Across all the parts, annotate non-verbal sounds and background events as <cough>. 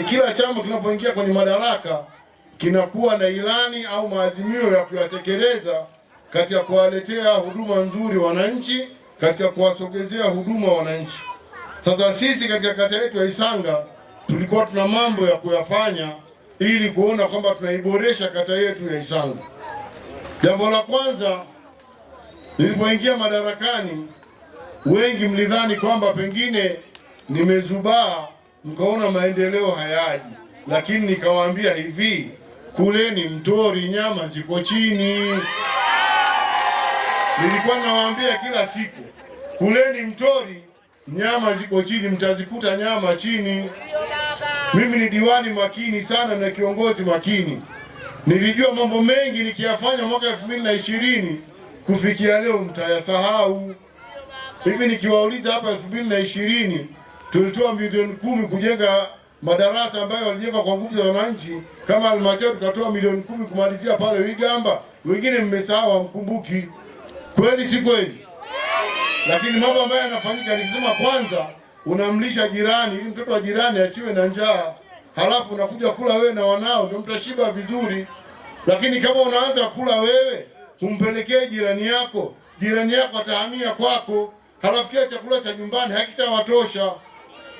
Yaani kila chama kinapoingia kwenye madaraka kinakuwa na ilani au maazimio ya kuyatekeleza katika kuwaletea huduma nzuri wananchi, katika kuwasogezea huduma wananchi. Sasa sisi katika kata yetu ya Isanga tulikuwa tuna mambo ya kuyafanya ili kuona kwamba tunaiboresha kata yetu ya Isanga. Jambo la kwanza, nilipoingia madarakani, wengi mlidhani kwamba pengine nimezubaa mkaona maendeleo hayaji, lakini nikawaambia hivi, kuleni mtori, nyama ziko chini. Nilikuwa nawaambia kila siku, kuleni mtori, nyama ziko chini, mtazikuta nyama chini. Mimi ni diwani makini sana na kiongozi makini. Nilijua mambo mengi nikiyafanya mwaka elfu mbili na ishirini kufikia leo mtayasahau. Hivi nikiwauliza hapa elfu mbili na ishirini tulitoa milioni kumi kujenga madarasa ambayo walijenga kwa nguvu za wananchi. Kama halmashauri tukatoa milioni kumi kumalizia pale Wigamba. Wengine mmesahau, hamkumbuki. Kweli si kweli? Lakini mambo ambayo yanafanyika, nikisema kwanza, unamlisha jirani ili mtoto wa jirani asiwe na njaa, halafu unakuja kula wewe na wanao, ndio mtashiba vizuri. Lakini kama unaanza kula wewe, humpelekee jirani yako, jirani yako atahamia kwako, halafu kile chakula cha nyumbani hakitawatosha.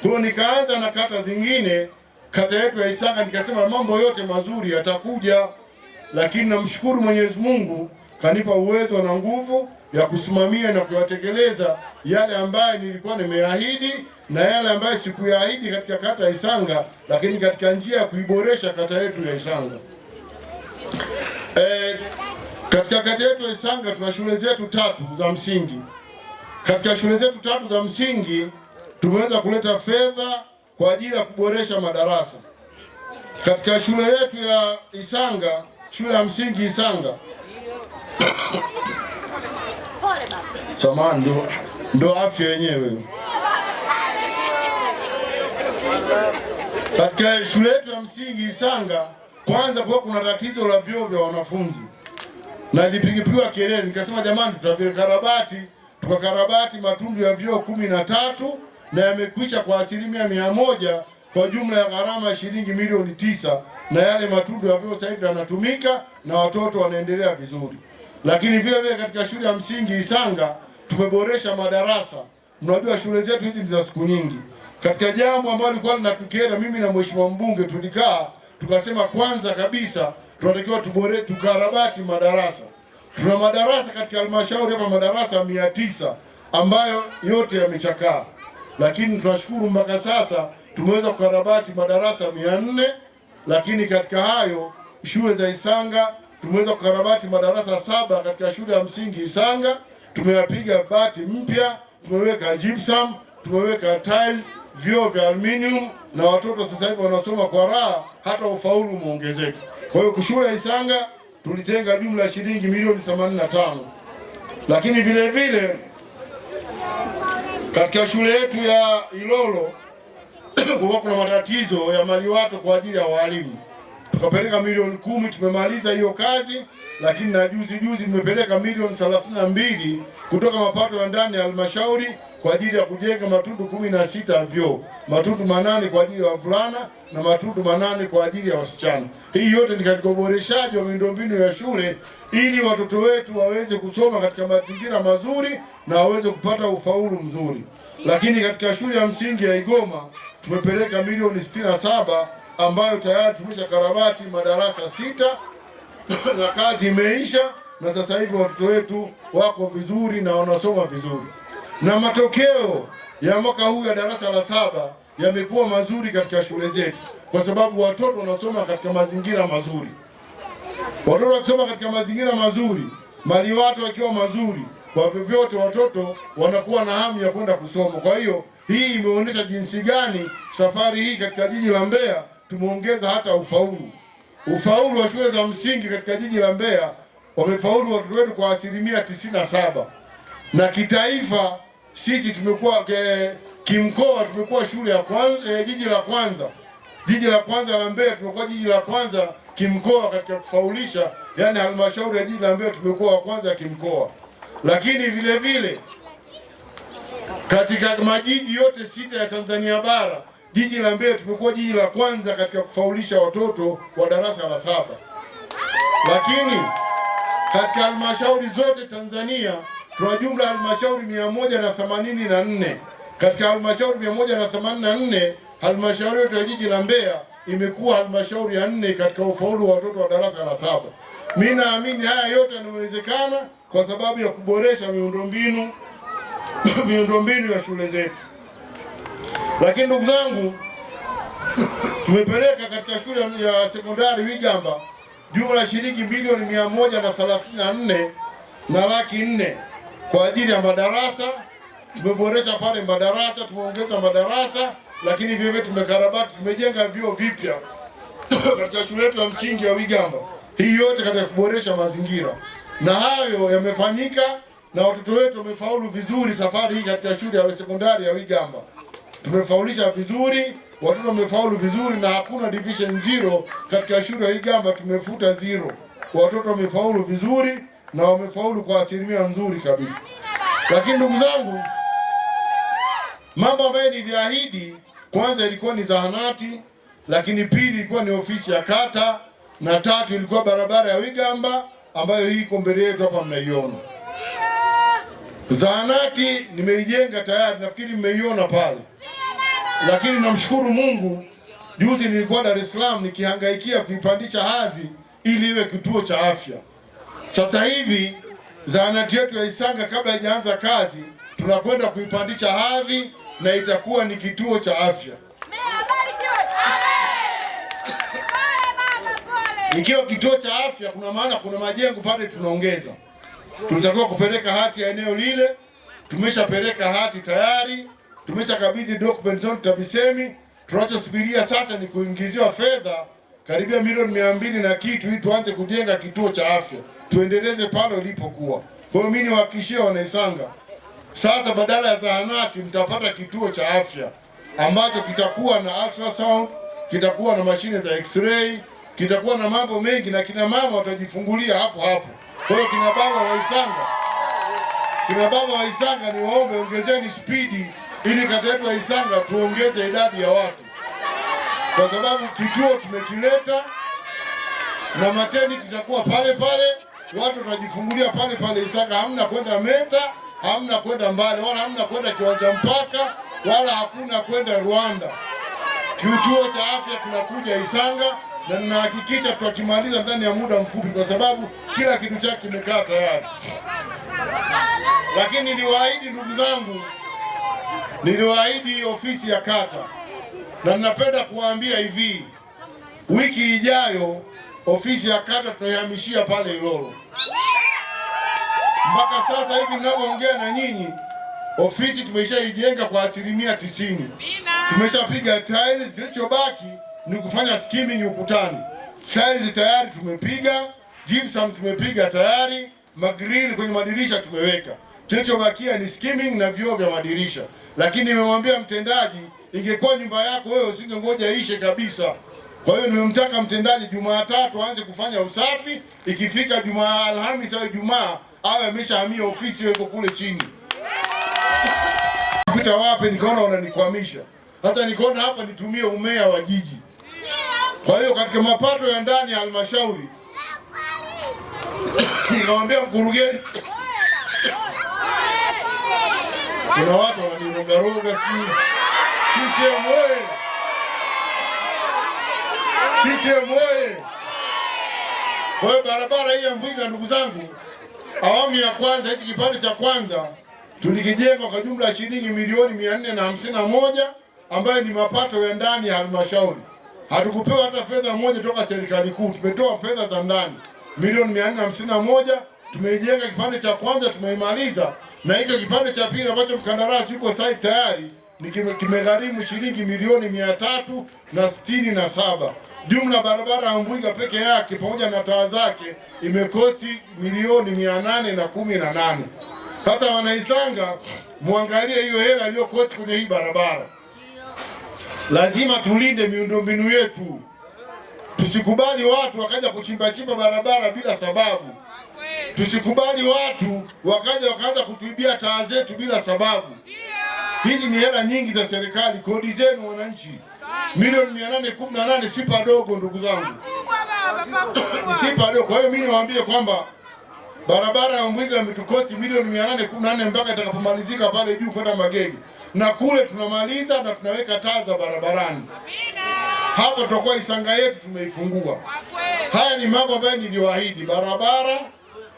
Kwa nikaanza na kata zingine, kata yetu ya Isaka, nikasema mambo yote mazuri yatakuja, lakini namshukuru Mwenyezi Mungu kanipa uwezo na nguvu ya kusimamia na kuyatekeleza yale ambayo nilikuwa nimeahidi na yale ambayo sikuyaahidi katika kata ya Isanga, lakini katika njia ya kuiboresha kata yetu ya Isanga. E, katika kata yetu ya Isanga tuna shule zetu tatu za msingi. Katika shule zetu tatu za msingi tumeweza kuleta fedha kwa ajili ya kuboresha madarasa katika shule yetu ya Isanga, shule ya msingi Isanga. Samahani, ndo, afya yenyewe. Katika shule yetu ya msingi Isanga, kwanza kwa kuna tatizo la vyoo vya wanafunzi na nilipigipiwa kelele, nikasema jamani, tutavikarabati. Tukakarabati matundu ya vyoo kumi na tatu na yamekwisha kwa asilimia mia moja kwa jumla ya gharama ya shilingi milioni tisa, na yale matundu ya vyoo sasa hivi yanatumika na watoto wanaendelea vizuri. Lakini vile vile katika shule ya msingi Isanga tumeboresha madarasa. Mnajua shule zetu hizi ni za siku nyingi. Katika jambo ambalo lilikuwa linatukera, mimi na mheshimiwa mbunge tulikaa tukasema, kwanza kabisa tunatakiwa tubore tukarabati madarasa. Tuna madarasa katika halmashauri hapa madarasa mia tisa ambayo yote yamechakaa lakini tunashukuru mpaka sasa tumeweza kukarabati madarasa mia nne, lakini katika hayo shule za Isanga tumeweza kukarabati madarasa saba. Katika shule ya msingi Isanga tumeyapiga bati mpya, tumeweka gypsum, tumeweka tiles, vyoo vya aluminium na watoto sasa hivi wanasoma kwa raha, hata ufaulu umeongezeka. Kwa hiyo shule ya Isanga tulitenga jumla ya shilingi milioni 85, lakini vile vile katika shule yetu ya Ilolo <clears throat> kulikuwa kuna matatizo ya maliwato kwa ajili ya walimu, tukapeleka milioni kumi. Tumemaliza hiyo kazi, lakini na juzi juzi tumepeleka milioni thelathini na mbili kutoka mapato ya ndani ya halmashauri kwa ajili ya kujenga matundu kumi na sita vyoo, matundu manane kwa ajili ya wavulana na matundu manane kwa ajili ya wasichana. Hii yote ni katika uboreshaji wa miundombinu ya shule ili watoto wetu waweze kusoma katika mazingira mazuri na waweze kupata ufaulu mzuri. Lakini katika shule ya msingi ya Igoma tumepeleka milioni sitini na saba ambayo tayari tumesha karabati madarasa sita <coughs> na kazi imeisha, na sasa hivi watoto wetu wako vizuri na wanasoma vizuri, na matokeo ya mwaka huu ya darasa la saba yamekuwa mazuri katika shule zetu, kwa sababu watoto wanasoma katika mazingira mazuri. Watoto wakisoma katika mazingira mazuri, maliwato wakiwa mazuri kwa vyovyote watoto wanakuwa na hamu ya kwenda kusoma. Kwa hiyo hii imeonyesha jinsi gani safari hii katika jiji la Mbeya tumeongeza hata ufaulu. Ufaulu wa shule za msingi katika jiji la Mbeya wamefaulu watoto wetu kwa asilimia tisini na saba na kitaifa sisi tumekuwa kimkoa, tumekuwa shule ya kwanza e, jiji la kwanza jiji la kwanza la Mbeya, tumekuwa jiji la kwanza kimkoa katika kufaulisha, yani halmashauri ya jiji la Mbeya tumekuwa wa kwanza kimkoa. Lakini vile vile katika majiji yote sita ya Tanzania bara jiji la Mbeya tumekuwa jiji la kwanza katika kufaulisha watoto wa darasa la saba, lakini katika halmashauri zote Tanzania tuna jumla ya halmashauri mia moja na themanini na nne. Katika halmashauri mia moja na themanini na nne halmashauri yote ya jiji la Mbeya imekuwa halmashauri ya nne katika ufaulu wa watoto wa darasa la saba. Mimi naamini haya yote yanawezekana kwa sababu ya kuboresha miundombinu <coughs> miundombinu ya shule zetu. Lakini ndugu zangu, <coughs> tumepeleka katika shule ya sekondari Wigamba jumla ya shilingi bilioni mia moja na thelathini na nne na laki nne kwa ajili ya madarasa. Tumeboresha pale madarasa, tumeongeza madarasa lakini vilevile tumekarabati, tumejenga vyuo vipya <coughs> katika shule yetu ya msingi ya Wigamba. Hii yote katika kuboresha mazingira, na hayo yamefanyika na watoto wetu wamefaulu vizuri. Safari hii katika shule ya sekondari ya Wigamba tumefaulisha vizuri, watoto wamefaulu vizuri, na hakuna division zero katika shule ya Wigamba. Tumefuta zero, watoto wamefaulu vizuri na wamefaulu kwa asilimia nzuri kabisa. Lakini ndugu zangu, mambo ambayo niliahidi kwanza ilikuwa ni zahanati, lakini pili ilikuwa ni ofisi ya kata, na tatu ilikuwa barabara ya Wigamba ambayo hii iko mbele yetu hapa mnaiona. Zahanati nimeijenga tayari, nafikiri mmeiona pale, lakini namshukuru Mungu, juzi nilikuwa Dar es Salaam nikihangaikia kuipandisha hadhi ili iwe kituo cha afya. Sasa hivi zahanati yetu ya Isanga kabla haijaanza kazi, tunakwenda kuipandisha hadhi na itakuwa ni kituo cha afya. Ikiwa kituo cha afya, kuna maana kuna majengo pale tunaongeza, tutakuwa kupeleka hati ya eneo lile. Tumeshapeleka hati tayari, tumeshakabidhi document zote TAMISEMI. Tunachosubiria sasa ni kuingiziwa fedha karibia milioni mia mbili na kitu ili tuanze kujenga kituo cha afya tuendeleze pale ulipokuwa. Kwa hiyo mimi niwahakikishie Wanaisanga sasa badala ya zahanati mtapata kituo cha afya ambacho kitakuwa na ultrasound, kitakuwa na mashine za x-ray, kitakuwa na mambo mengi, na kina mama watajifungulia hapo hapo. Kwa hiyo kina baba wa Isanga, kina baba wa Isanga, ni waombe ongezeni spidi ili kata yetu ya Isanga tuongeze idadi ya watu, kwa sababu kituo tumekileta na maternity itakuwa pale pale, watu watajifungulia pale pale Isanga, hamna kwenda Meta hamna kwenda mbali, wala hamna kwenda kiwanja mpaka, wala hakuna kwenda Rwanda. Kituo cha afya tunakuja Isanga na ninahakikisha tutakimaliza ndani ya muda mfupi, kwa sababu kila kitu chake kimekaa tayari. Lakini niliwaahidi ndugu zangu, niliwaahidi ofisi ya kata, na ninapenda kuwaambia hivi, wiki ijayo ofisi ya kata tunaihamishia pale Ilolo. Mpaka sasa hivi ninavyoongea na nyinyi, ofisi tumeshaijenga kwa asilimia tisini, tumeshapiga tiles. Kilichobaki ni kufanya skimming ukutani. Tiles tayari tumepiga, gypsum tumepiga tayari, magrill kwenye madirisha tumeweka. Kilichobakia ni skimming na vioo vya madirisha, lakini nimemwambia mtendaji, ingekuwa nyumba yako wewe usingengoja ishe kabisa. Kwa hiyo nimemtaka mtendaji Jumatatu aanze kufanya usafi, ikifika Jumaa, Alhamisi au Ijumaa awe ameshahamia ofisi yuko kule chini. pita wapi, nikaona wananikwamisha. hata nikaona hapa nitumie umea wa jiji. Kwa hiyo katika mapato ya ndani ya halmashauri nikamwambia mkurugenzi, kuna watu wananirogaroga, sijui CCM oye! CCM oye! Kwa hiyo barabara hii ya Mbinga, ndugu zangu Awamu ya kwanza, hichi kipande cha kwanza tulikijenga kwa jumla ya shilingi milioni mia nne na hamsini na moja ambayo ni mapato ya ndani ya halmashauri. Hatukupewa hata fedha moja toka serikali kuu, tumetoa fedha za ndani milioni mia nne hamsini na moja. Tumeijenga kipande cha kwanza, tumeimaliza na hicho kipande cha pili ambacho mkandarasi yuko site tayari kimegharimu shilingi milioni mia tatu na sitini na saba. Jumla barabara ya Mbwinga peke yake pamoja na taa zake imekosti milioni mia nane na kumi na nane. Sasa wanaisanga, mwangalie hiyo hela iliyokosti kwenye hii barabara. Lazima tulinde miundombinu yetu, tusikubali watu wakaja kuchimbachimba barabara bila sababu, tusikubali watu wakaja wakaanza kutuibia taa zetu bila sababu. Hizi ni hela nyingi za serikali, kodi zenu wananchi, milioni mia nane kumi na nane si padogo ndugu zangu, si padogo. Kwa hiyo mimi niwaambie kwamba barabara ya Mwiga Mitukoti milioni mia nane kumi na mpaka itakapomalizika pale juu kwenda Magegi, na kule tunamaliza na tunaweka taa za barabarani. Hapa tutakuwa Isanga yetu tumeifungua. Haya ni mambo ambayo niliwaahidi, barabara,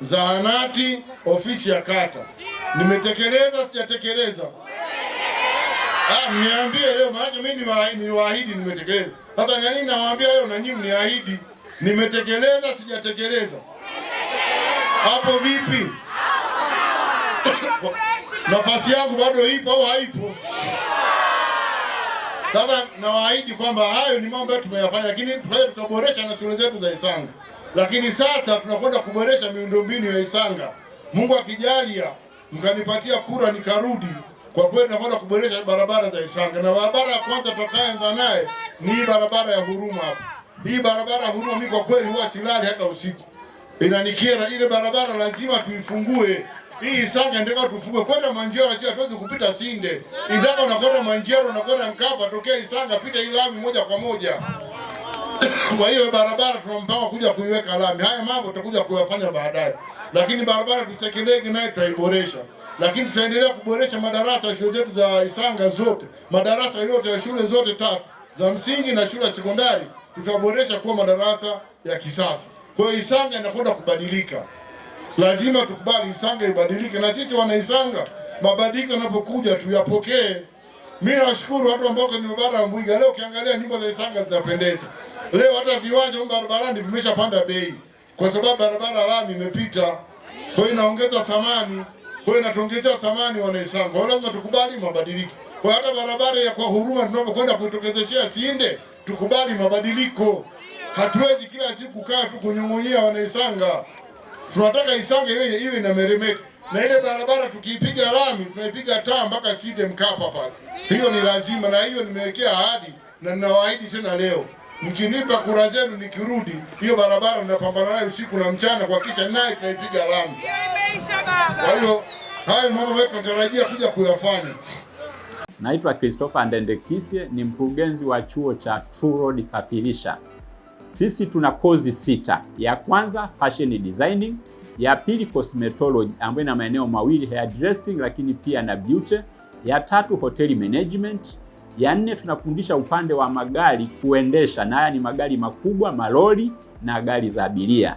zahanati, ofisi ya kata. Nimetekeleza sijatekeleza? Ah, mniambie leo maana mimi ni ni waahidi, waahidi nimetekeleza. Sasa nani nawaambia leo na nyinyi mniahidi nimetekeleza sijatekeleza. Hapo vipi? <coughs> Nafasi yangu bado ipo au haipo? Sasa nawaahidi kwamba hayo ni mambo ambayo tumeyafanya, lakini tukaje tukaboresha na shule zetu za Isanga. Lakini sasa tunakwenda kuboresha miundombinu ya Isanga. Mungu akijalia mkanipatia kura nikarudi kwa kweli tunakwenda kuboresha barabara za Isanga, na barabara ya kwanza tutakayoanza naye ni barabara ya Huruma hapa. Hii barabara ya Huruma mimi kwa kweli huwa silali hata usiku, inanikera ile barabara, lazima tuifungue hii Isanga ndio tufungue kwenda Manjero, acha tuweze kupita Sinde. Ndaka unakwenda Manjero, unakwenda Mkapa, tokea Isanga pita hii lami moja kwa moja. Kwa hiyo barabara tunampanga kuja kuiweka lami. Haya mambo tutakuja kuyafanya baadaye, lakini barabara tusekelege naye tutaiboresha lakini tutaendelea kuboresha madarasa ya shule zetu za Isanga zote, madarasa yote ya shule zote tatu za msingi na shule ya sekondari tutaboresha kuwa madarasa ya kisasa. Kwa hiyo Isanga inakwenda kubadilika, lazima tukubali Isanga ibadilike, na sisi wana Isanga mabadiliko yanapokuja tuyapokee. Mimi nashukuru watu ambao kwenye barabara ya Mbuiga leo ukiangalia nyumba za Isanga zinapendeza. Leo hata viwanja huko barabarani vimeshapanda bei kwa sababu barabara lami imepita, kwa hiyo inaongeza thamani. Kwa hiyo natuongezea thamani wanaisanga, lazima tukubali mabadiliko. Kwa hata barabara ya kwa huruma tunapokwenda kuitokezeshea Sinde, tukubali mabadiliko. Hatuwezi kila siku kaa tu kunyong'onyea wanaisanga. Tunataka Isanga iwe iwe na meremeti na ile barabara tukiipiga lami tunaipiga taa mpaka Sinde Mkapa pale. Hiyo ni lazima, na hiyo nimewekea ahadi na ninawaahidi tena leo, mkinipa kura zenu nikirudi, hiyo barabara ninapambana nayo usiku na mchana kuhakikisha naye tunaipiga lami. Kwa hiyo hayo mambo ambayo tunatarajia kuja kuyafanya. Naitwa Christopher Ndendekisye, ni mkurugenzi wa chuo cha True Road Safirisha. Sisi tuna kozi sita. Ya kwanza fashion designing, ya pili cosmetology ambayo ina maeneo mawili hair dressing, lakini pia na beauty. Ya tatu hotel management. Ya nne tunafundisha upande wa magari kuendesha, na haya ni magari makubwa, malori na gari za abiria